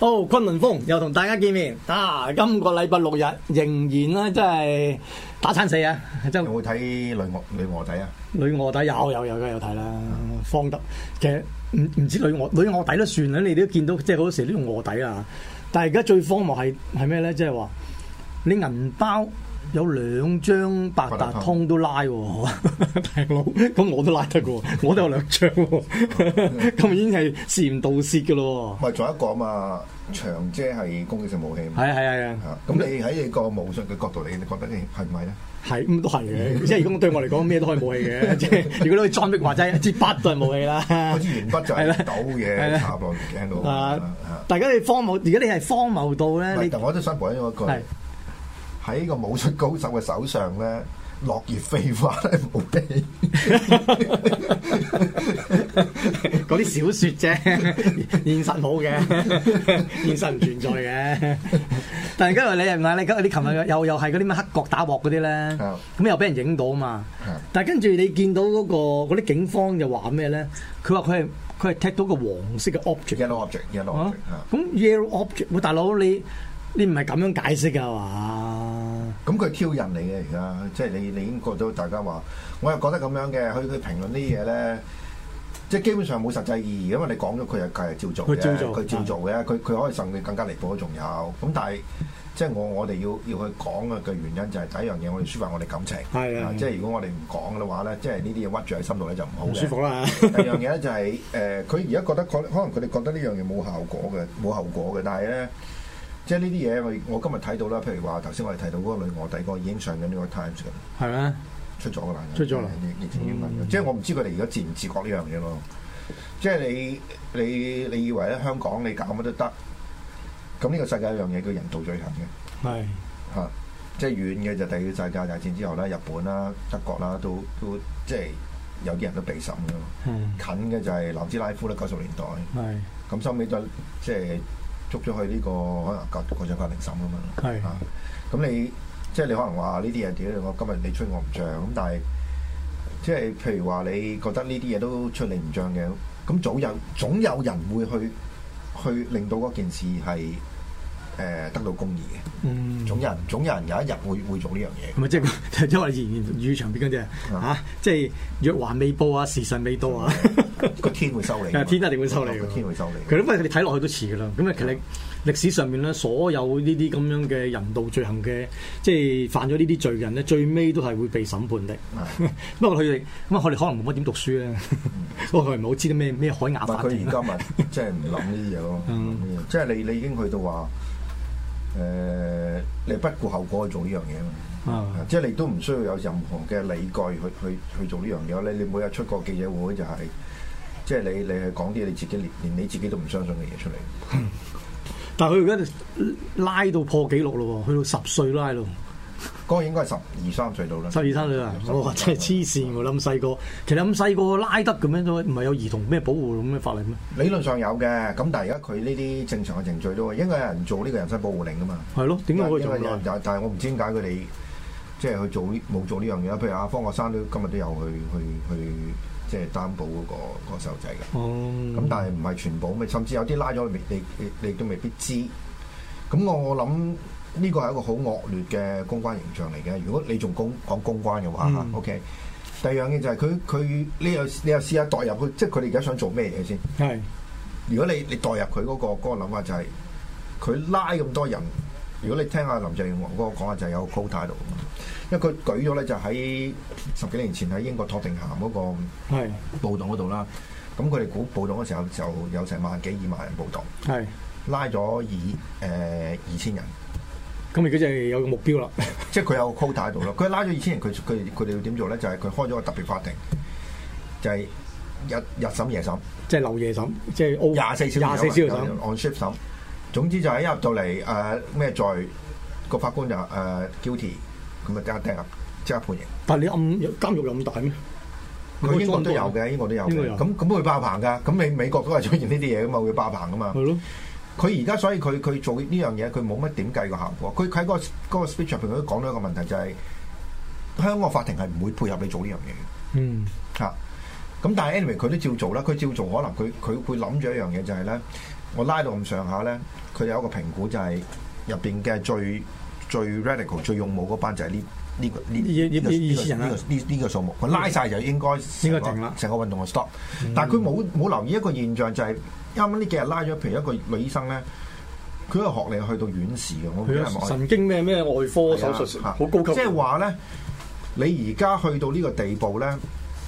哦，oh，崑崙風又同大家見面啊！今個禮拜六日仍然咧，啊，即係打餐死啊！即係有冇睇女卧女卧底啊，嗯？女卧底有有有梗有睇啦。方德其實唔唔知女卧女卧底都算啦，你都見到即係好多時啲卧底啊。但係而家最荒謬係係咩咧？即係話你銀包。有兩張八達通都拉喎、哦， 大佬，咁我都拉得嘅，我都有兩張、哦，咁 已經係涉嫌盜竊嘅咯。咪仲有一個嘛，長遮係攻擊性武器嘛。係啊係啊係啊。咁你喺你個武術嘅角度，你覺得你係唔係咧？係，咁都係嘅。即係 如果對我嚟講，咩都可以武器嘅。即係如果你裝逼話齋一支筆都係武器啦。一支鉛筆就係刀嘅，插落頸度。到啊！大家方你荒謬，如果是你係荒謬度咧，你。我都想講呢一個。喺呢個武術高手嘅手上咧，落葉飛花都冇嘅。嗰啲小説啫，現實好嘅，現實唔存在嘅。但係今日你又唔係你今日啲琴日又又係嗰啲咩黑角打鑊嗰啲咧？咁又俾人影到啊嘛！但係跟住你見到嗰個嗰啲警方就話咩咧？佢話佢係佢係踢到個黃色嘅 object。y y e l e 咁 yellow object，大佬你。你唔係咁樣解釋嘅嘛？咁佢挑釁嚟嘅而家，即係你你已經過到大家話，我又覺得咁樣嘅。佢佢評論啲嘢咧，即係基本上冇實際意義，因為你講咗佢又繼續照做嘅，佢照做嘅，佢佢、啊、可以甚至更加離譜都仲有。咁但係即係我我哋要要去講嘅原因就係第一樣嘢，我哋抒發我哋感情。係的啊，即係如果我哋唔講嘅話咧，即係呢啲嘢屈住喺心度咧就唔好。舒服啦。第二樣嘢咧就係、是、誒，佢而家覺得可可能佢哋覺得呢樣嘢冇效果嘅，冇後果嘅，但係咧。即係呢啲嘢，我今日睇到啦。譬如話，頭先我哋提到嗰個女卧底，個已經上緊《呢個 Times》噶。係咩嗎？出咗個男人。出咗啦、嗯！即係我唔知佢哋而家自唔自覺呢樣嘢咯。即係你你你以為咧香港你搞乜都得，咁呢個世界一樣嘢叫人道罪行嘅。係是。嚇、啊！即係遠嘅就第二世界大戰之後咧，日本啦、啊、德國啦、啊、都都即係有啲人都被審㗎。嗯是。近嘅就係南斯拉夫啦，九十年代。係是。咁收尾就係。即係。捉咗去呢、呢個可能國國家法庭審啊嘛，嚇，咁你即係你可能話呢啲嘢點樣講？我今日你出我唔漲咁，但係即係譬如話，你覺得呢啲嘢都出你唔漲嘅，咁總有總有人會去去令到嗰件事係。誒得到公義嘅，嗯，總有人總有人有一日會會做呢樣嘢。咁啊，即係即係言語場邊嗰啲，即係若還未報啊，時辰未到啊，個天會收你。天一定會收你，天會收你。其實不過你睇落去都遲噶啦。咁啊，其實歷史上面咧，所有呢啲咁樣嘅人道罪行嘅，即係犯咗呢啲罪人咧，最尾都係會被審判的。不過佢哋咁啊，佢哋可能冇乜點讀書咧。不過佢唔係好知啲咩咩海牙法。佢而家咪，即係唔諗呢啲嘢咯。即係你你已經去到話。誒、呃，你不顧後果去做呢樣嘢啊！即係你都唔需要有任何嘅理據去去去做呢樣嘢咧。你每日出個記者會就係、是，即係你你係講啲你自己連連你自己都唔相信嘅嘢出嚟、嗯。但係佢而家拉到破紀錄咯，去到十歲拉咯。嗰個應該係十二三歲到啦，十二三歲啊！我話真係黐線喎，咁細個，其實咁細個拉得咁樣，都唔係有兒童咩保護咁嘅法例咩？理論上有嘅，咁但係而家佢呢啲正常嘅程序都，應該有人做呢個人身保護令噶嘛。係咯，點解可以做咁，但係我唔知點解佢哋即係去做呢？冇做呢樣嘢，譬如阿方國珊都今日都有去去去即係擔保嗰、嗰個、嗰個細路仔嘅。咁、嗯、但係唔係全部，咩？甚至有啲拉咗，你你你你都未必知。咁我諗。呢個係一個好惡劣嘅公關形象嚟嘅。如果你仲公講公關嘅話、嗯、，OK。第二樣嘢就係佢佢呢個你又，你又試下代入佢，即係佢哋而家想做咩嘢先？係是。如果你你代入佢嗰、那個嗰、那個諗法，就係佢拉咁多人。如果你聽下林鄭月娥嗰個講法，就係有高態度有個 quota 喺度。因為佢舉咗咧，就喺十幾年前喺英國托定咸嗰個暴動嗰度啦。咁佢哋估暴動嘅時候就有成萬幾二萬人暴動，係拉咗二誒二千人，人。咁而家就係有個目標啦， 即係佢有個 quota 喺度啦。佢拉咗二千人，佢佢佢哋要點做咧？就係、是、佢開咗個特別法庭，就係、是、日日審、夜審，即係留夜審，即係廿四小時廿四小時審、嗯、，on shift 審。總之就係一入到嚟誒咩，在、呃、個法官就誒 guilty，咁啊即刻定，即、呃、刻判刑。但係你暗監獄有咁大咩？佢英國都有嘅，英國都有咁咁都會爆棚噶。咁美美國都係出現呢啲嘢噶嘛，會爆棚噶嘛。係咯。佢而家所以佢佢做呢樣嘢，佢冇乜點計個效果。佢喺嗰個嗰個 speech 上邊都講到一個問題，就係香港法庭係唔會配合你做呢樣嘢嘅。嗯，嚇、啊。咁但係 anyway 佢都照做啦，佢照做可能佢佢會諗住一樣嘢，就係咧，我拉到咁上下咧，佢有一個評估就係入邊嘅最最 radical 最勇武嗰班就係呢。呢呢呢呢個呢個呢個數目，佢拉晒就應該先該停啦，成個運動嘅 stop。但係佢冇冇留意一個現象，就係啱啱呢幾日拉咗譬如一個女醫生咧，佢個學歷去到院士嘅，我覺得。神經咩咩外科手術，好高級。即係話咧，你而家去到呢個地步咧，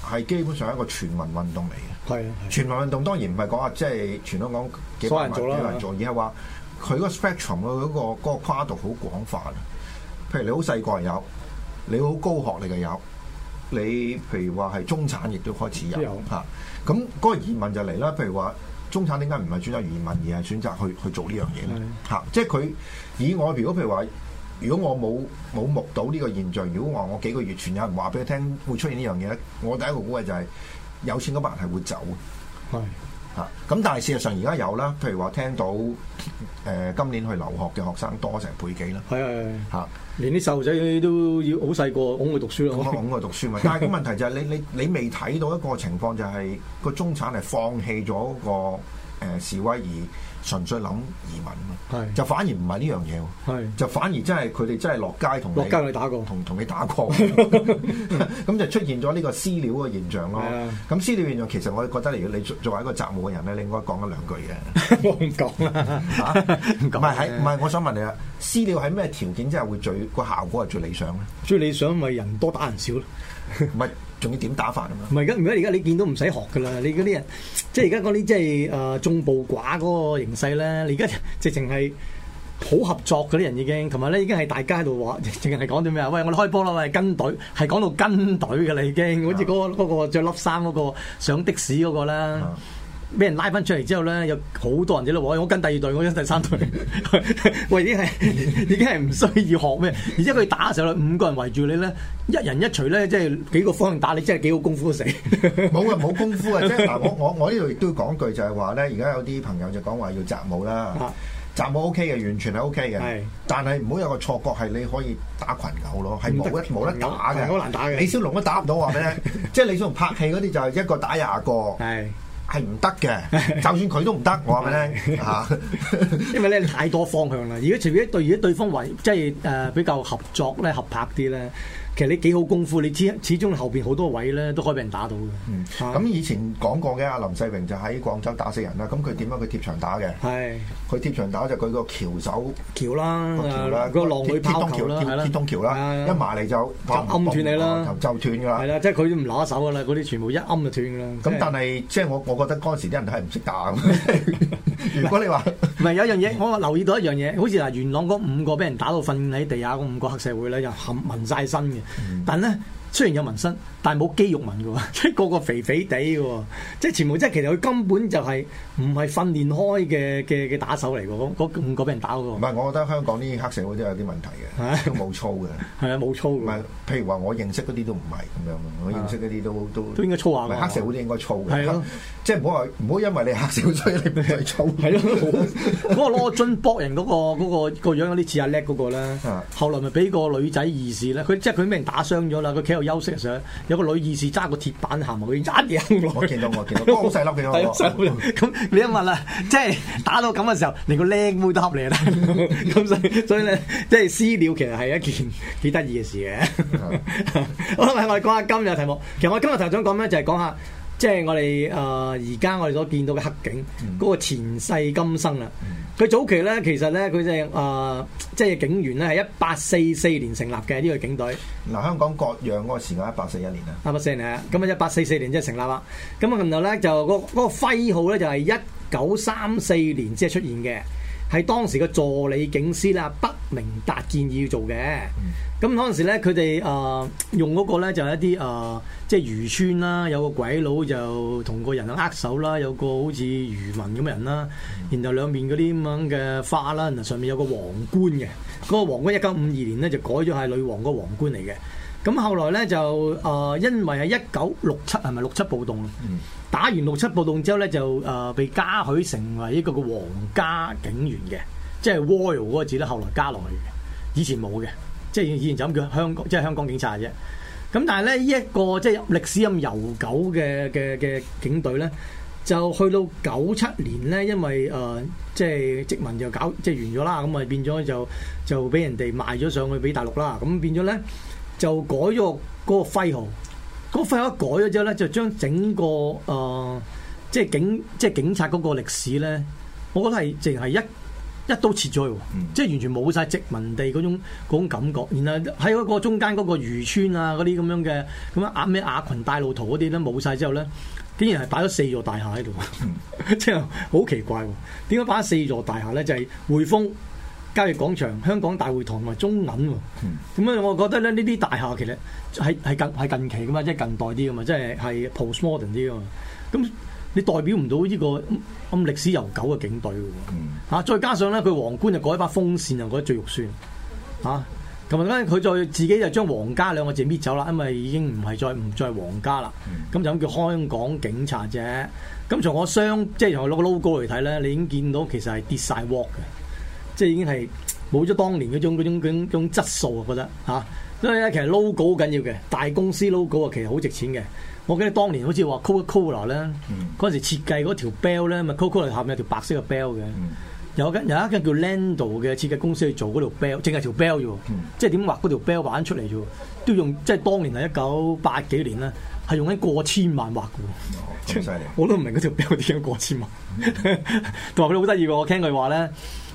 係基本上係一個全民運動嚟嘅。係。全民運動當然唔係講話，即係全香港幾多人做啦，幾多人做。而係話佢嗰個 spectrum 嗰個個跨度好廣泛。譬如你好細個人有。你好高學歷嘅有，你譬如話係中產，亦都開始有嚇。咁嗰有、嗯嗰個疑問就嚟啦，譬如話中產點解唔係選擇移民，而係選擇去去做呢樣嘢咧？嚇是、嗯，即係佢以我如果譬如話，如果我冇冇目睹呢個現象，如果話我幾個月前有人話俾佢聽會出現呢樣嘢咧，我第一個估計就係有錢嗰班人係會走嘅。吓，咁但係事實上而家有啦，譬如話聽到，誒、呃，今年去留學嘅學生多成倍幾啦，係係吓，啊、連啲細路仔都要好細個，㧬去讀書咯，好、嗯、㧬去讀書嘛。 但係個問題就係，你你你未睇到一個情況，就係個中產係放棄咗嗰個。誒示、呃、威而純粹諗移民啊，是就反而唔係呢樣嘢喎，是就反而真係佢哋真係落街同落街同你打過，同同你打過，咁 就出現咗呢個私了嘅現象咯。咁的、嗯、私了現象其實我覺得你，如果你作為一個責務嘅人咧，你應該講一兩句嘅。呵呵，我唔講啊，唔係喺唔係？我想問你啊，私了喺咩條件之下會最個效果係最理想咧？最理想咪人多打人少咯。唔係。仲要點打法咁啊？唔係而家，而家你見到唔使學噶啦！你嗰啲人，即係而家嗰啲即係誒眾暴寡嗰個形勢咧。你而家直情係好合作嗰啲人已經，同埋咧已經係大家喺度話，直情係講啲咩啊？喂，我哋開波啦！喂，跟隊係講到跟隊嘅啦，已經好似嗰個嗰、啊、個着笠衫嗰個上的士嗰個啦。啊啊俾人拉翻出嚟之後咧，有好多人喺度話我跟第二隊，我跟第三隊，我 已經係已經係唔需要學咩。而且佢打嘅時候五個人圍住你咧，一人一錘咧，即係幾個方向打你，真係幾好功夫都死。冇啊，冇功夫啊！ 即係嗱，我我我呢度亦都講句就係話咧，而家有啲朋友就講話要習武啦。習武 O K 嘅，完全係 O K 嘅。是但係唔好有個錯覺係你可以打群狗咯，係冇得冇得打嘅。難打李小龍都打唔到話咩？ 即係李小龍拍戲嗰啲就係一個打廿個。是 係唔得嘅， 就算佢都唔得， 我話俾你聽，吓， 因為咧你太多方向啦。如果除非對，如果對方為，即係誒比較合作咧、合拍啲咧。其實你幾好功夫，你知，始終後邊好多位咧，都可以俾人打到嘅。嗯，咁以前講過嘅，阿林世榮就喺廣州打死人啦。咁佢點樣？佢貼牆打嘅。係，佢貼牆打就佢個橋手橋啦，個橋啦，個浪去貼東橋，貼東橋啦，一埋嚟，就暗斷你啦，頭就斷噶啦。係啦，即係佢都唔拿手噶啦，嗰啲全部一暗就斷噶啦。咁但係，即係我我覺得嗰陣時啲人都係唔識打。如果你話唔係有樣嘢，我留意到一樣嘢，好似嗱元朗嗰五個俾人打到瞓喺地下嗰五個黑社會咧，又冚紋晒身嘅，嗯、但咧。雖然有紋身，但係冇肌肉紋嘅喎，即係個個肥肥哋嘅喎，即係全部即係其實佢根本就係唔係訓練開嘅嘅嘅打手嚟嘅喎，嗰五個俾人打嗰個。唔係，我覺得香港啲黑社會都有啲問題嘅，都冇操嘅。係啊，冇操嘅。譬如話我認識嗰啲都唔係咁樣，我認識嗰啲都都都應該操下，黑社會應該操嘅。係咯，即係唔好話唔好，因為你黑社會所以你唔係操。係咯，嗰、嗰個攞樽搏人嗰個嗰個樣有啲似阿叻嗰個咧。嗯。是啊、後來咪俾個女仔疑事咧，佢即係佢俾人打傷咗啦，休息上有個女士揸個鐵板行埋佢，一嘢我見到我見到，都好細粒嘅喎。咁你啱話啦，即係打到咁嘅時候，連個靚妹都恰你啦。咁 所以所以咧，即係私了其實係一件幾得意嘅事嘅。 好啦，我哋講下今日題目。其實我今日頭想講咩，就係、是、講下即係、就是、我哋誒而家我哋所見到嘅黑警嗰、嗯、個前世今生啦。嗯佢早期咧，其實咧，佢隻誒即係警員咧，係一八四四年成立嘅呢，這個警隊。嗱，香港割讓嗰個時間一八四一年啊，係咪四年啊？咁啊，嗯，一八四四年即係成立啦。咁啊，然後咧就，那個嗰，那個徽號咧就係一九三四年即係出現嘅。係當時嘅助理警司啦，北明達建議要做嘅。咁當時咧，佢哋誒用嗰個咧就係一啲誒、呃，即係漁村啦，有個鬼佬就同個人握手啦，有個好似漁民咁嘅人啦，然後兩面嗰啲咁樣嘅花啦，然後上面有個皇冠嘅，嗰、那個皇冠一九五二年咧就改咗係女王個皇冠嚟嘅。咁後來咧就誒，因為係一九六七係咪六七暴動？打完六七暴動之後咧，就誒被加許成為一個個皇家警員嘅，即係 Royal 嗰個字咧，後來加落去嘅。以前冇嘅，即係以前就咁叫香即係香港警察嘅啫。咁但係咧，呢一個即係歷史咁悠久嘅嘅嘅警隊咧，就去到九七年咧，因為誒即係殖民就搞即係完咗啦，咁啊變咗就就俾人哋賣咗上去俾大陸啦，咁變咗咧。就改咗嗰個徽號，嗰、那、徽、個、號一改咗之後咧，就將整個誒、呃、即係警即係警察嗰個歷史咧，我覺得係淨係一一刀切咗，即係完全冇晒殖民地嗰種,種感覺。然後喺嗰個中間嗰個漁村啊嗰啲咁樣嘅，咁啊亞咩亞群大路圖嗰啲咧冇晒之後咧，竟然係擺咗四座大廈喺度，即係好奇怪喎、啊！點解擺咗四座大廈咧？就係、是、匯豐。嘉裕廣場、香港大會堂同埋中銀喎，咁咧、嗯嗯、我覺得咧呢啲大廈其實係係近係近期噶嘛，即係近代啲噶嘛，即係係 postmodern 啲噶嘛。咁、嗯、你代表唔到呢個咁歷史悠久嘅警隊嘅喎、啊，再加上咧佢皇冠就改一把風扇，又覺得最肉酸嚇。咁啊，佢再自己就將皇家兩個字搣走啦，因為已經唔係再唔再皇家啦。咁、嗯、就咁叫香港警察啫。咁、嗯、從我雙即係從個 logo 嚟睇咧，你已經見到其實係跌晒鑊嘅。即係已經係冇咗當年嗰種嗰種嗰種質素啊！覺得嚇，所以咧其實 logo 好緊要嘅，大公司 logo 啊其實好值錢嘅。我記得當年好似話 Coca-Cola 咧，嗰陣、嗯、時設計嗰條 bell 咧、嗯，咪 Coca-Cola 下面有條白色嘅 bell 嘅、嗯，有間有一間叫 Lando 嘅設計公司去做嗰條 bell，淨係條 bell 啫喎、嗯，即係點畫嗰條 bell 畫出嚟啫喎，都用即係當年係一九八幾年啦，係用緊過千萬畫嘅。犀利、哦， 我都唔明嗰條 bell 點樣過千萬。同埋佢好得意喎，我聽佢話咧。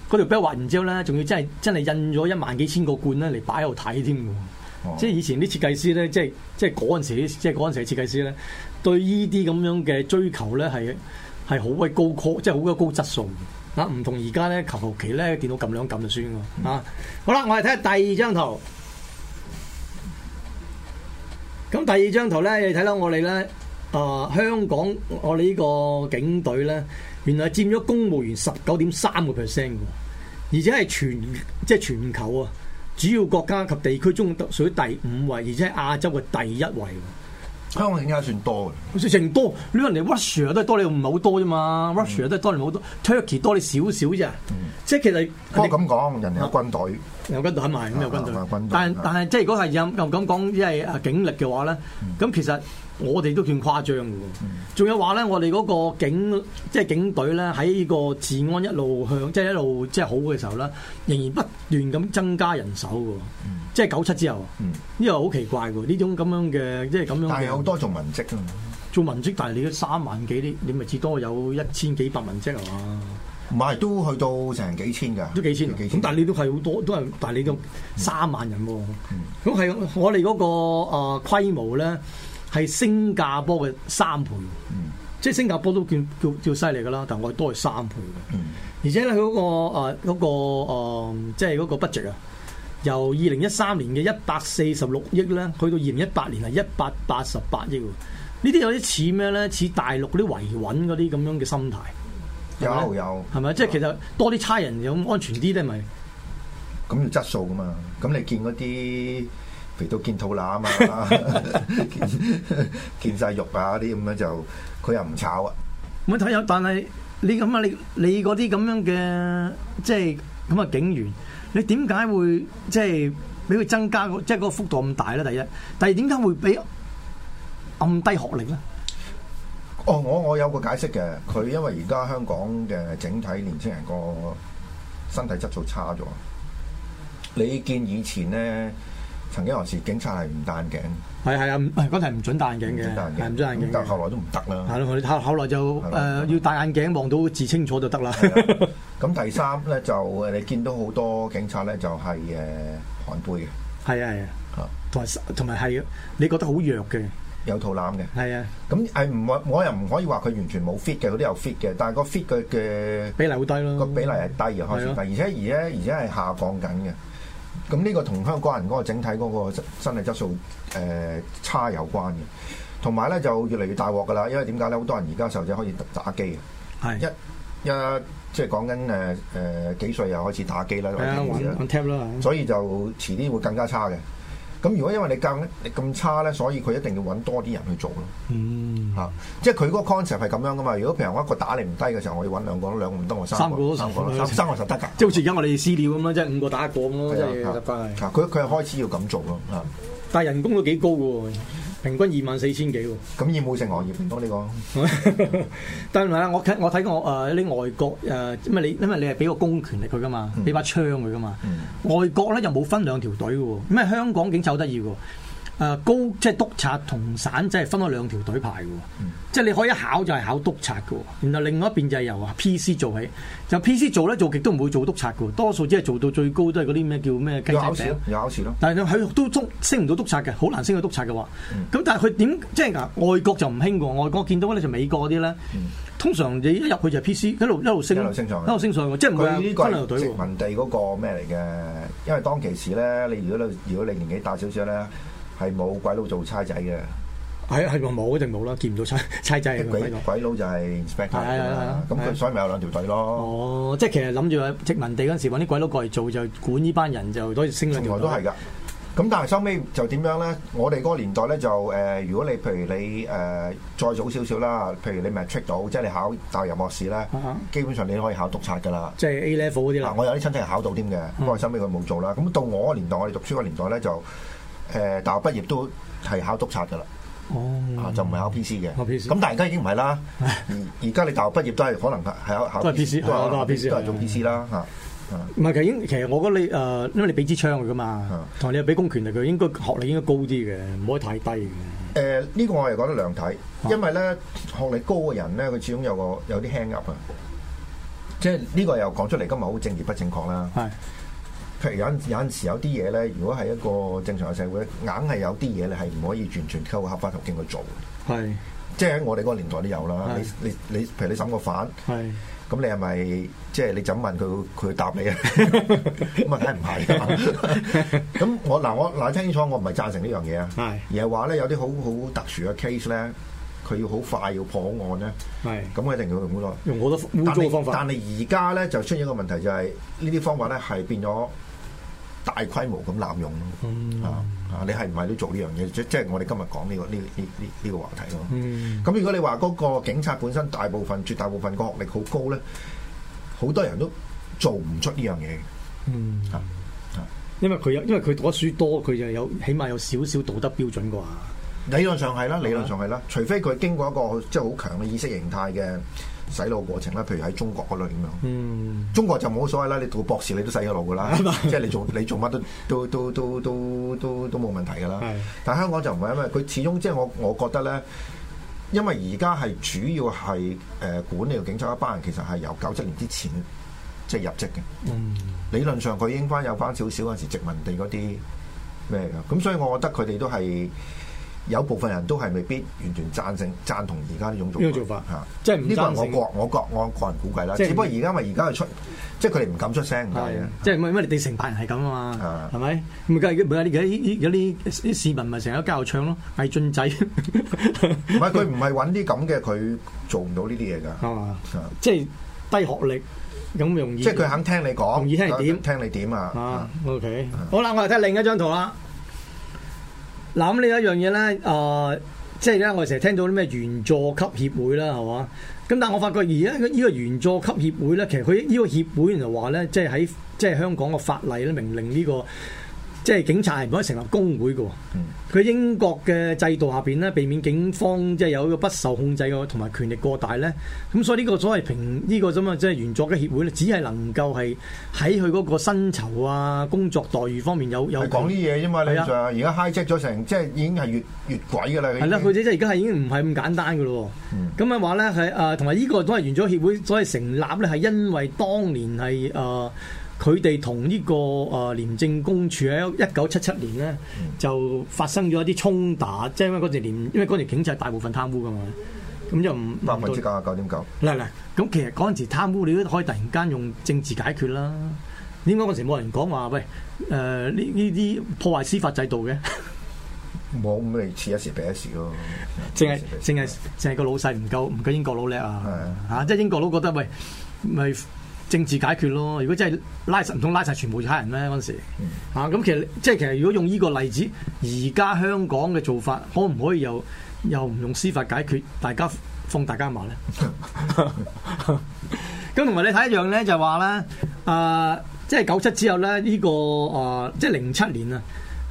嗰條筆畫完之後咧，仲要真係真係印咗一萬幾千個罐咧嚟擺喺度睇添嘅，即係以前啲設計師咧，即係即係嗰陣時啲，即係嗰陣時設計師咧，對呢啲咁樣嘅追求咧，係係好鬼高科，即係好鬼高質素啊，唔同而家咧，求其咧，電腦撳兩撳就算嘅。嗯、啊，好啦，我哋睇下第二張圖。咁第二張圖咧，你睇到我哋咧，啊、呃，香港我哋呢個警隊咧。原來佔咗公務員十九點三個 percent 嘅，而且係全即係全球啊，主要國家及地區中屬於第五位，而且係亞洲嘅第一位。香港而家算多嘅，成多。你人哋 Russia 都係多，多，你唔係好多啫嘛。Russia 都係多，你好多。Turkey 多你少少啫。嗯、即係其實不過咁講，你人哋有軍隊，有軍隊係咪有軍隊？係係軍隊啊、但但係即係如果係又又咁講，即係啊警力嘅話咧，咁其實。我哋都算誇張嘅喎，仲有話咧，我哋嗰個警即係警隊咧，喺呢個治安一路向即係一路即係好嘅時候咧，仍然不斷咁增加人手嘅，即係九七之後，呢個好奇怪喎！呢種咁樣嘅即係咁樣。但係有好多做文職啊，做文職，但係你都三萬幾啲，你咪至多有一千幾百文職係嘛？唔係，都去到成幾千㗎，都幾千，幾千。咁但係你都係好多，都係，但係你都三萬人喎。咁係、嗯嗯、我哋嗰個啊規模咧。係新加坡嘅三倍，即係新加坡都叫叫叫犀利噶啦，但係我哋都係三倍嘅，而且咧佢個誒嗰個誒即係嗰個 budget 啊，由二零一三年嘅一百四十六億咧，去到二零一八年係一百八十八億，呢啲有啲似咩咧？似大陸啲維穩嗰啲咁樣嘅心態，有有，係咪？即係其實多啲差人有安全啲咧，咪咁要質素噶嘛？咁你見嗰啲。肥到見肚腩啊嘛， 見曬肉啊啲咁樣就佢又唔炒啊。冇睇有，但係你咁啊，你你嗰啲咁樣嘅，即係咁嘅警員，你點解會即係俾佢增加即係嗰個幅度咁大咧？第一，第二點解會俾咁低學歷咧？哦，我我有個解釋嘅，佢因為而家香港嘅整體年青人個身體質素差咗，你見以前咧。曾幾何時警察係唔戴眼鏡，係係啊，嗰陣係唔准戴眼鏡嘅，唔准戴眼鏡，但後來都唔得啦。係咯，後來就誒要戴眼鏡望到字清楚就得啦。咁第三咧就誒，你見到好多警察咧就係誒寒背嘅，係啊係啊，同埋同埋係你覺得好弱嘅，有肚腩嘅，係啊。咁係唔我又唔可以話佢完全冇 fit 嘅，佢都有 fit 嘅，但係個 fit 嘅嘅比例好低咯，個比例係低而開始低，而且而且而且係下降緊嘅。咁呢個同香港人嗰個整體嗰個身體質素誒、呃、差有關嘅，同埋咧就越嚟越大鑊噶啦，因為點解咧？好多人而家嘅時候即可以打機嘅，一一即係講緊誒誒幾歲又開始打機啦，玩玩 tap 啦，所以就遲啲會更加差嘅。咁如果因為你夾力咁差咧，所以佢一定要揾多啲人去做咯。嗯，嚇，即係佢嗰個 concept 係咁樣噶嘛。如果譬如我一個打你唔低嘅時候，我要揾兩個、兩個唔得，我三個、三個、三個就得㗎。即係好似而家我哋私了咁咯，即係五個打一個咁咯，啊、即係得㗎。佢佢係開始要咁做咯。但係人工都幾高㗎喎。平均二萬四千幾喎，咁厭惡性行業，我你講，但係咪啊？我睇我睇我誒啲外國誒，咁、呃、啊你，因為你係俾個公權力佢噶嘛，俾把槍佢噶嘛，嗯、外國咧就冇分兩條隊喎，咁啊香港警走得意喎。誒高即係、就是、督察同散，即、就、係、是、分開兩條隊排嘅。嗯、即係你可以一考就係考督察嘅，然後另外一邊就係由啊 P.C. 做起。由 P.C. 做咧做極都唔會做督察嘅，多數即係做到最高都係嗰啲咩叫咩雞仔餅有考試咯，但係佢都升唔到督察嘅，好難升到督察嘅話。咁、嗯、但係佢點即係外國就唔興嘅，外國見到咧就美國啲咧，嗯、通常你一入去就 P.C. 一路一路升，一路升上，去，一路升上嘅，即係唔係分流隊殖民地嗰、那個咩嚟嘅？因為當其時咧，你如，如，如果你如果，如果你年紀大少少咧。係冇鬼佬做差仔嘅，係啊係冇定冇啦，見唔到差差仔。鬼鬼佬就係 inspector 啦，咁佢所以咪有兩條隊咯。哦，即係其實諗住喺殖民地嗰陣時揾啲鬼佬過嚟做，就管呢班人，就所以升另外都係噶。咁但係收尾就點樣咧？我哋嗰個年代咧就誒，如果你譬如你誒再早少少啦，譬如你咪 check 到，即係你考大學入學試咧，基本上你可以考督察噶啦。即係 A level 啲。嗱，我有啲親戚考到添嘅，咁我收尾佢冇做啦。咁到我嗰年代，我哋讀書嗰個年代咧就。誒、呃，大學畢業都係考督察噶啦，哦，啊、就唔係考 P C 嘅，咁 R PC? 但係而家已經唔係啦。而家 你大學畢業都係可能係考，P C，都係、啊、做 P C 啦，吓的，唔係的其實其實我覺得你誒、呃，因為你俾支槍佢噶嘛，同的你又俾公權佢，佢應該學歷應該高啲嘅，唔可以太低嘅。誒、呃，呢、這個我又覺得兩睇，因為咧學歷高嘅人咧，佢始終有個有啲輕入啊，即係呢個又講出嚟，今日好政治不正確啦。係的。譬如有有陣時有啲嘢咧，如果係一個正常嘅社會，硬係有啲嘢你係唔可以完全，全靠合法途徑去做嘅。是即係喺我哋嗰個年代都有啦。你你是你，譬如你審個犯，咁是你係咪即係你審問佢佢答你啊？咁 啊，梗係唔係㗎？咁我嗱我嗱，聽清楚，我唔係贊成樣是呢樣嘢啊。係，而係話咧，有啲好好特殊嘅 case 咧，佢要好快要破案咧，咁是我一定要用好多用好多方法。但係但係而家咧就出現一個問題，就係，就係呢啲方法咧係變咗。大規模咁濫用咯，啊、嗯、啊！你係唔係都做呢樣嘢？即即係我哋今日講呢、呢個呢呢呢呢個話題咯。咁、嗯、如果你話嗰個警察本身大部分絕大部分個學歷好高咧，好多人都做唔出呢樣嘢，嗯、啊，啊因為佢有因為佢讀得書多，佢就有起碼有少少道德標準啩。理論上係啦，Okay. 理論上係啦，除非佢經過一個即係好強嘅意識形態嘅。洗腦過程啦，譬如喺中國嗰度咁樣。嗯，中國就冇所謂啦，你讀博士你都洗咗腦噶啦，吧即係你做你做乜都都都都都都冇問題噶啦。是但香港就唔係，因為佢始終即係我我覺得咧，因為而家係主要係誒、呃、管理警察一班人，其實係由九七年之前即係、就是、入職嘅。嗯、理論上佢已經翻有翻少少嗰陣時殖民地嗰啲咩㗎，咁所以我覺得佢哋都係。有部分人都係未必完全贊成，贊同而家呢種做法嚇，即係唔，呢個係我個我個我個人估計啦。只不過而家咪而家佢出，即係佢哋唔敢出聲，唔該嘅。即係乜你哋成班人係咁啊嘛，係咪？咁而家而有啲啲市民咪成日喺街度唱咯，魏俊仔。唔係佢唔係揾啲咁嘅，佢做唔到呢啲嘢㗎。即係低學歷咁容易。即係佢肯聽你講，而聽點聽你點啊？OK，好啦，我哋睇另一張圖啦。嗱，咁呢一樣嘢咧，啊、呃，即係咧，我成日聽到啲咩援助級協會啦，係嘛？咁但係我發覺而家呢個援助級協會咧，其實佢呢個協會原來話咧，即係喺即係香港個法例咧明令呢、呢個。即係警察係唔可以成立工會嘅。佢英國嘅制度下邊咧，避免警方即係有一個不受控制嘅同埋權力過大咧。咁所以呢個所謂評呢個咁啊，即係員佐嘅協會咧，只係能夠係喺佢嗰個薪酬啊、工作待遇方面有有講啲嘢，因為你而家 high check 咗成，即係已經係越越軌嘅啦。係啦，佢即係而家係已經唔係咁簡單嘅咯。咁嘅話咧係誒，同埋呢個都係員佐協會，所謂成立咧係因為當年係誒。佢哋同呢個啊廉政公署喺一九七七年咧就發生咗一啲衝打，即係因為嗰陣廉，因為嗰陣警察大部分貪污嘅嘛，咁又唔百分之九啊九點九。嚟嚟，咁其實嗰陣時貪污，你都可以突然間用政治解決啦。點解嗰陣時冇人講話？喂，誒呢呢啲破壞司法制度嘅，冇咁嚟，此一時彼一時咯。淨係淨係淨係個老細唔夠唔夠英國佬叻啊！嚇、啊，即係英國佬覺得喂咪。喂政治解決咯，如果真係拉實唔通拉曬全部其他人咩？嗰陣時，咁、啊、其實即係其實如果用呢個例子，而家香港嘅做法可唔可以又又唔用司法解決，大家放大家馬咧？咁同埋你睇一樣咧，就係話啦，啊、呃，即係九七之後咧，呢、呢個啊，即係零七年啊。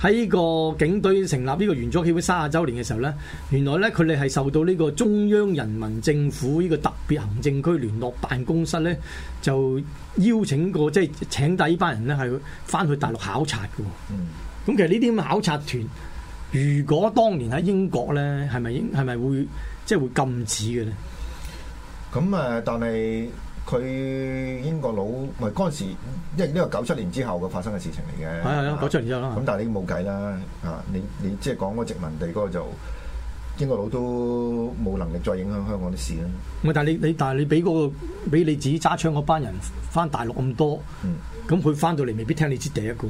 喺呢個警隊成立呢個員佐協會卅周年嘅時候咧，原來咧佢哋係受到呢個中央人民政府呢個特別行政區聯絡辦公室咧，就邀請過即係請帶呢班人咧係翻去大陸考察嘅。咁、嗯、其實呢啲咁嘅考察團，如果當年喺英國咧，係咪係咪會即係、就是、會禁止嘅咧？咁誒、嗯，但係。佢英國佬咪嗰陣時，因為因為九七年之後嘅發生嘅事情嚟嘅。係啊，九七年之後啦。咁但係已經冇計啦，嚇中文你你即係講嗰殖民地嗰個就英國佬都冇能力再影響香港啲事啦。唔係，但係你你但係你俾嗰個俾你自己揸槍嗰班人翻大陸咁多，咁佢翻到嚟未必聽你支笛嘅喎。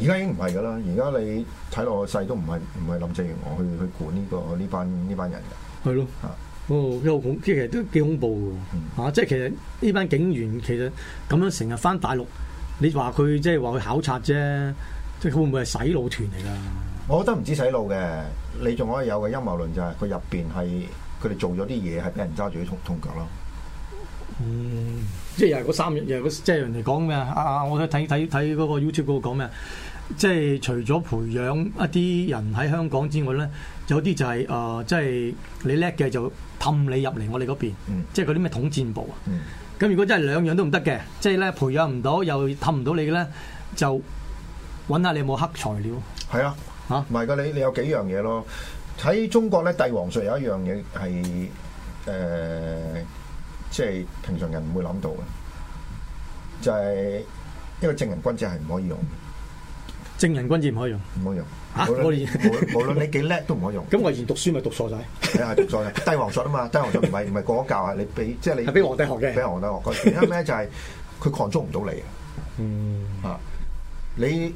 而家、嗯、已經唔係㗎啦，而家你睇落個勢都唔係唔係林鄭月娥去去管呢、呢個呢班呢班人嘅。係咯，嚇。哦，又恐怖、嗯啊，即係都幾恐怖嘅，吓，即係其實呢班警員其實咁樣成日翻大陸，你話佢即係話去考察啫，即係會唔會係洗腦團嚟噶？我覺得唔知洗腦嘅，你仲可以有個陰謀論就係佢入邊係佢哋做咗啲嘢係俾人揸住啲痛痛腳咯。嗯，即係又係嗰三日，又係即係人哋講咩啊？啊！我睇睇睇嗰個 YouTube 嗰度講咩啊？即係除咗培養一啲人喺香港之外咧。有啲就係、是、誒，呃就是嗯、即係你叻嘅就氹你入嚟我哋嗰邊，即係嗰啲咩統戰部啊。咁、嗯、如果真係兩樣都唔得嘅，即係咧培養唔到又氹唔到你嘅咧，就揾、是、下你，你有冇黑材料？係啊，吓唔係噶，你你有幾樣嘢咯。喺中國咧，帝王術有一樣嘢係誒、即、呃、係、就是、平常人唔會諗到嘅，就係、是、一個正人君子係唔可以用。正人君子唔可以用，唔可以用。無論你幾叻都唔可以用。咁我以前讀書咪讀傻仔，係啊，讀傻仔，帝王術啊嘛，帝王術唔係唔係教啊？ 你俾即係你係俾皇帝學嘅，俾皇帝學。佢其他就係佢擴充唔到你 啊。嗯，嚇你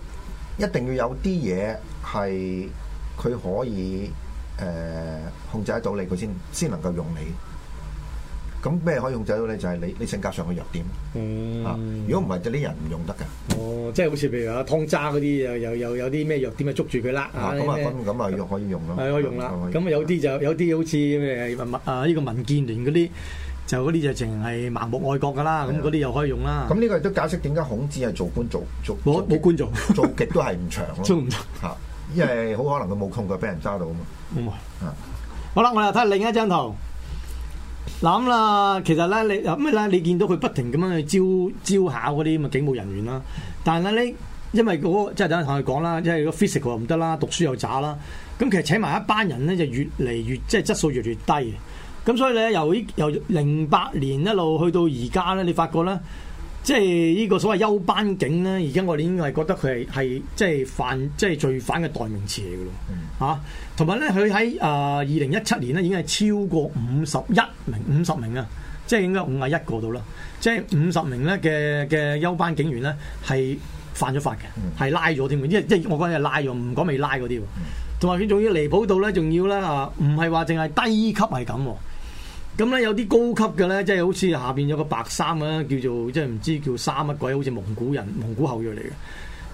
一定要有啲嘢係佢可以誒、呃、控制得到你，佢先先能夠用你。咁咩可以用走咧？就係你你性格上嘅弱點。哦，如果唔係就啲人唔用得噶。哦，即係好似譬如阿湯渣嗰啲又又又有啲咩弱點嘅捉住佢啦。啊，咁啊分咁啊又可以用咯。係可以用啦。咁有啲就有啲好似咩啊呢個民建聯嗰啲就嗰啲就淨係盲目愛國噶啦。咁嗰啲又可以用啦。咁呢個都解釋點解孔子係做官做做冇冇官做做極都係唔長咯。做唔長嚇，因為好可能佢冇空㗋，俾人揸到啊嘛。好啦，我哋睇另一張圖。諗啦，其實咧你咩咧？你見到佢不停咁樣去招招考嗰啲咁嘅警務人員啦。但係咧，因為嗰即係等下同佢講啦，即係個 physics 又唔得啦，讀書又渣啦。咁其實請埋一班人咧，就越嚟越即係質素越嚟越低。咁所以咧，由呢由零八年一路去到而家咧，你發覺咧。即係呢個所謂休班警咧，而家我哋應該係覺得佢係係即係犯即係罪犯嘅代名詞嚟嘅咯，嚇、啊。同埋咧，佢喺啊二零一七年咧已經係超過五十一名五十名啊，即係應該五啊一個度啦。即係五十名咧嘅嘅休班警員咧係犯咗法嘅，係拉咗添嘅，即係我講嘢拉咗，唔講未拉嗰啲。同埋佢仲要離譜到咧，仲要咧啊，唔係話淨係低級係咁。咁咧、嗯、有啲高級嘅咧，即係好似下邊有個白衫嘅叫做即係唔知叫三乜鬼，好似蒙古人蒙古後裔嚟嘅，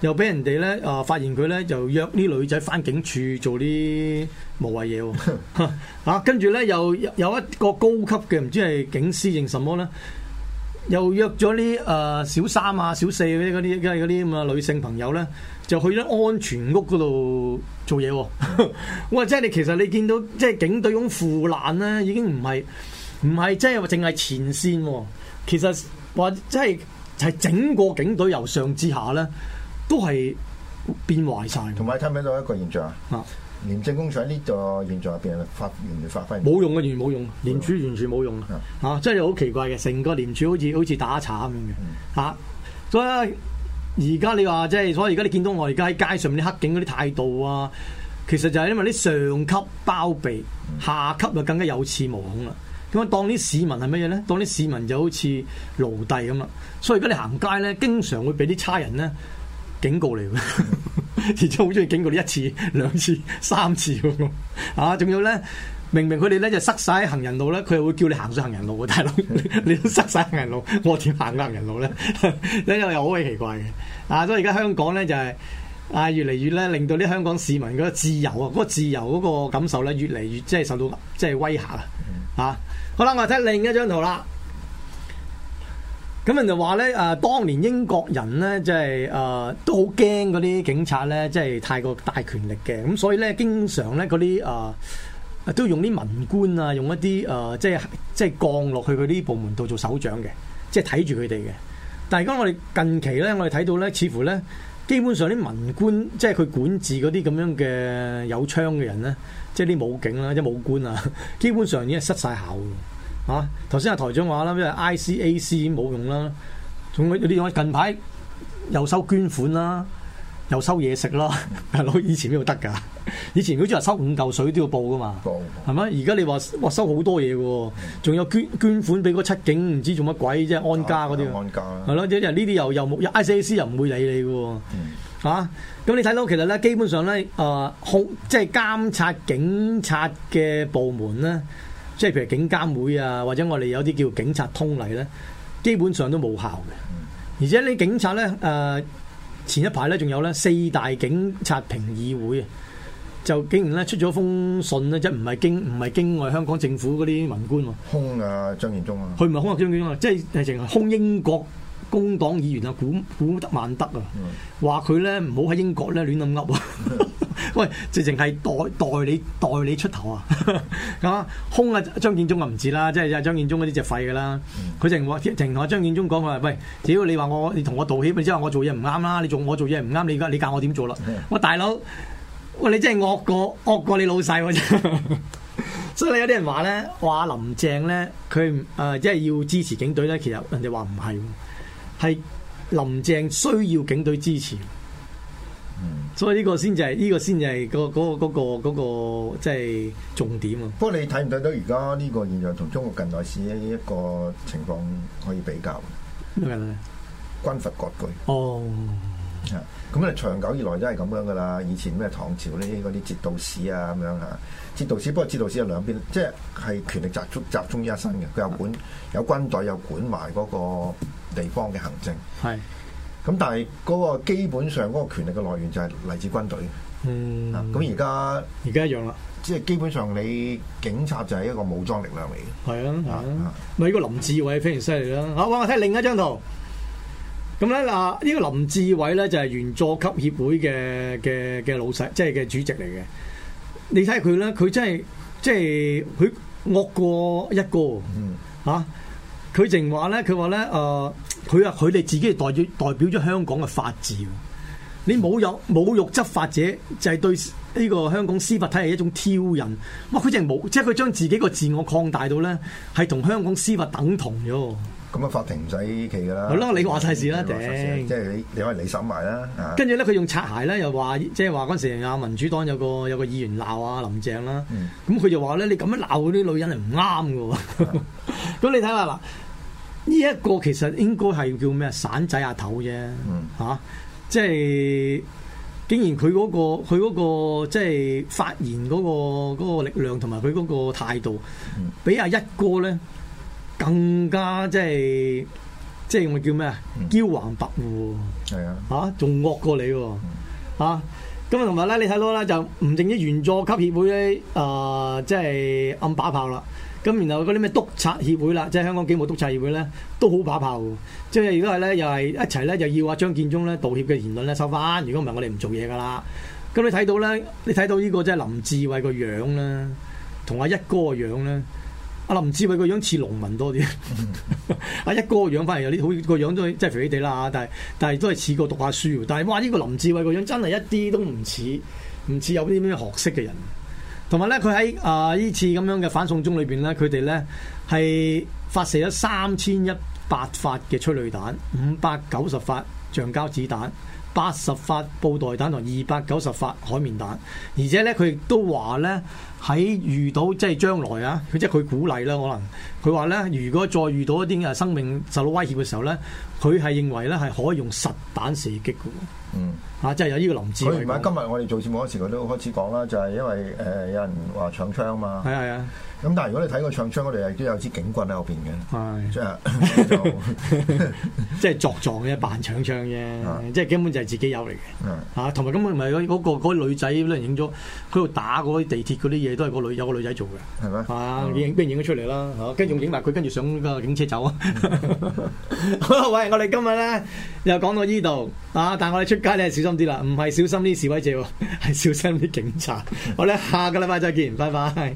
又俾人哋咧啊發現佢咧就約啲女仔翻警署做啲無謂嘢喎、哦，跟住咧又有一個高級嘅唔知係警司定什麼咧，又約咗啲誒小三啊小四嗰啲啲咁啊女性朋友咧，就去咗安全屋嗰度做嘢喎、哦，哇！即係你其實你見到即係警隊咁腐爛咧，已經唔係～唔係，即係話，淨係前線、哦。其實話，即係係整個警隊由上至下咧，都係變壞晒。同埋睇唔睇到一個現象啊？廉政公署喺呢個現象入邊發完嚟發揮，冇用嘅，完全冇用。廉署完全冇用啊！啊，即係好奇怪嘅，成個廉署好似好似打賊咁嘅嚇。所以而家你話即係，所以而家你見到我而家喺街上面啲黑警嗰啲態度啊，其實就係因為啲上級包庇，下級就更加有恃無恐啦。咁啊，當啲市民係乜嘢咧？當啲市民就好似奴隸咁啦。所以而家你行街咧，經常會俾啲差人咧警告嚟嘅，而且好中意警告你一次、兩次、三次咁。啊，仲有咧，明明佢哋咧就塞晒喺行人路咧，佢又會叫你行上行人路嘅，大佬，你都塞晒行人路，我點行行人路咧？呢個又好鬼奇怪嘅。啊，所以而家香港咧就係啊，越嚟越咧令到啲香港市民嗰個自由啊，嗰個自由嗰個感受咧，越嚟越即係受到即係威嚇啊！啊～好啦，我哋睇另一張圖啦。咁人就話咧，誒，當年英國人咧，即係誒、呃，都好驚嗰啲警察咧，即係太過大權力嘅，咁所以咧，經常咧，嗰啲誒，都用啲文官啊，用一啲誒、呃，即係即係降落去嗰啲部門度做首長嘅，即係睇住佢哋嘅。但係如果我哋近期咧，我哋睇到咧，似乎咧，基本上啲文官即係佢管治嗰啲咁樣嘅有槍嘅人咧。即係啲武警啦，即係武官啊，基本上已經失曬效㗎。啊，頭先阿台長話啦，因為 I C A C 已經冇用啦，仲有啲近排又收捐款啦，又收嘢食啦、啊，以前邊度得㗎？以前好似話收五嚿水都要報㗎嘛，係咪報？而家你話話收好多嘢㗎喎，仲有捐捐款俾嗰七警唔知做乜鬼即啫、啊啊，安家嗰啲啊，係、啊、咯，即呢啲又又冇，I C A C 又唔會理你㗎喎。嗯。嚇！咁、啊、你睇到其實咧，基本上咧，誒、呃、控即係監察警察嘅部門咧，即係譬如警監會啊，或者我哋有啲叫警察通例咧，基本上都冇效嘅。而且啲警察咧，誒、呃、前一排咧，仲有咧四大警察評議會啊，就竟然咧出咗封信咧，即唔係經唔係經外香港政府嗰啲文官喎？空㗎、啊、張建中啊！佢唔係空啊張建宗啊！即係淨係空英國。工黨議員啊，古古德曼德啊，話佢咧唔好喺英國咧亂咁噏啊！ 喂，直情係代代你代你出頭啊！咁 兇啊張建宗啊唔知啦，即係啊張建宗嗰啲隻廢噶啦！佢直情話，同阿張建宗講話，喂，只要你話我，你同我道歉，即係我做嘢唔啱啦，你做我做嘢唔啱，你而家你教我點做啦、啊？ 我大佬，喂你真係惡過惡過你老細喎！真，所以你有啲人話咧，話林鄭咧，佢誒即係要支持警隊咧，其實人哋話唔係。係林鄭需要警隊支持，嗯、所以呢個先就係呢個先就係嗰嗰個個即係重點啊。不過你睇唔睇到而家呢個現象同中國近代史一個情況可以比較咩咧？軍閥麼割，割據哦，咁你長久以來都係咁樣噶啦。以前咩唐朝呢？嗰啲節度使啊咁樣吓，節度使不過節度使又兩邊，即、就、係、是、權力集中集中於一身嘅，佢又管、啊、有軍隊，又管埋、那、嗰個。地方嘅行政係，咁但係嗰個基本上嗰個權力嘅來源就係嚟自軍隊。嗯，咁而家而家一樣啦，即係基本上你警察就係一個武裝力量嚟嘅。係啊，係啊，咪、啊啊、呢、啊這個林志偉非常犀利啦。我我睇另一張圖，咁咧啊，呢個林志偉咧就係員佐級協會嘅嘅嘅老細，即係嘅主席嚟嘅。你睇佢咧，佢真係即係佢惡過一個，吓、啊，佢淨話咧，佢話咧，誒。呃文俠佢啊！佢哋自己係代表代表咗香港嘅法治。你冇有侮辱執法者，就係對呢個香港司法體系一種挑釁。乜佢淨冇，即係佢將自己個自我擴大到咧，係同香港司法等同咗。咁啊，法庭唔使企噶啦。好啦，你話晒事啦，頂。定即係你你可以理審埋啦。跟住咧，佢用擦鞋咧，又話即係話嗰陣時啊，民主黨有個有個議員鬧啊林鄭啦。咁佢、嗯、就話咧，你咁樣鬧嗰啲女人係唔啱㗎。咁、嗯、 你睇下嗱。呢一個其實應該係叫咩散仔阿頭啫嚇，嗯啊，即係竟然佢嗰、嗰個佢嗰、嗰個即係發言嗰、嗰個嗰個力量同埋佢嗰個態度，嗯、比阿一哥咧更加即係即係用叫咩、嗯、啊？驕橫跋扈係啊嚇，仲惡過你喎。咁啊，同埋咧，你睇到咧就唔淨止員佐級協會咧，誒、呃、即係暗把炮啦～咁然後嗰啲咩督察協會啦，即係香港警務督察協會咧，都好把炮。即係如果係咧，又係一齊咧，又要啊張建宗咧道歉嘅言論咧收翻。如果唔係，我哋唔做嘢噶啦。咁你睇到咧，你睇到呢個即係林志偉個樣咧，同阿一哥個樣咧。阿林志偉個樣似農民多啲，阿 一哥個樣反而有啲好個樣都真係肥肥地啦。但係但係都係似過讀下書。但係哇，呢個林志偉個樣真係一啲都唔似，唔似有啲咩學識嘅人。同埋咧，佢喺啊呢次咁樣嘅反送中裏邊咧，佢哋咧係發射咗三千一百發嘅催淚彈，五百九十發橡膠子彈，八十發布袋彈同二百九十發海綿彈，而且咧佢亦都話咧喺遇到即係將來啊，佢即係佢鼓勵啦，可能佢話咧，如果再遇到一啲嘅生命受到威脅嘅時候咧，佢係認為咧係可以用實彈射擊嘅。嗯，啊，即係有呢個諗子。佢而家今日我哋做節目嗰時，佢都開始講啦，就係、是、因為誒有人話搶槍嘛。係啊，係啊。咁但係如果你睇個搶槍，我哋係都有支警棍喺後邊嘅。係即係即係作狀嘅扮搶槍啫，即係根本就。自己有嚟嘅，嚇的，同埋根本唔係嗰嗰個女仔，有人影咗佢喺度打嗰啲地鐵嗰啲嘢，都係個女有個女仔做嘅，係咪嗎、啊？啊，影俾影咗出嚟啦，跟住影埋佢，跟住上個警車走啊！好啦，喂， 我哋今日咧又講到呢度，啊，但係我哋出街咧小心啲啦，唔係小心啲示威者喎，係小心啲警察。 我哋下個禮拜再見，拜拜。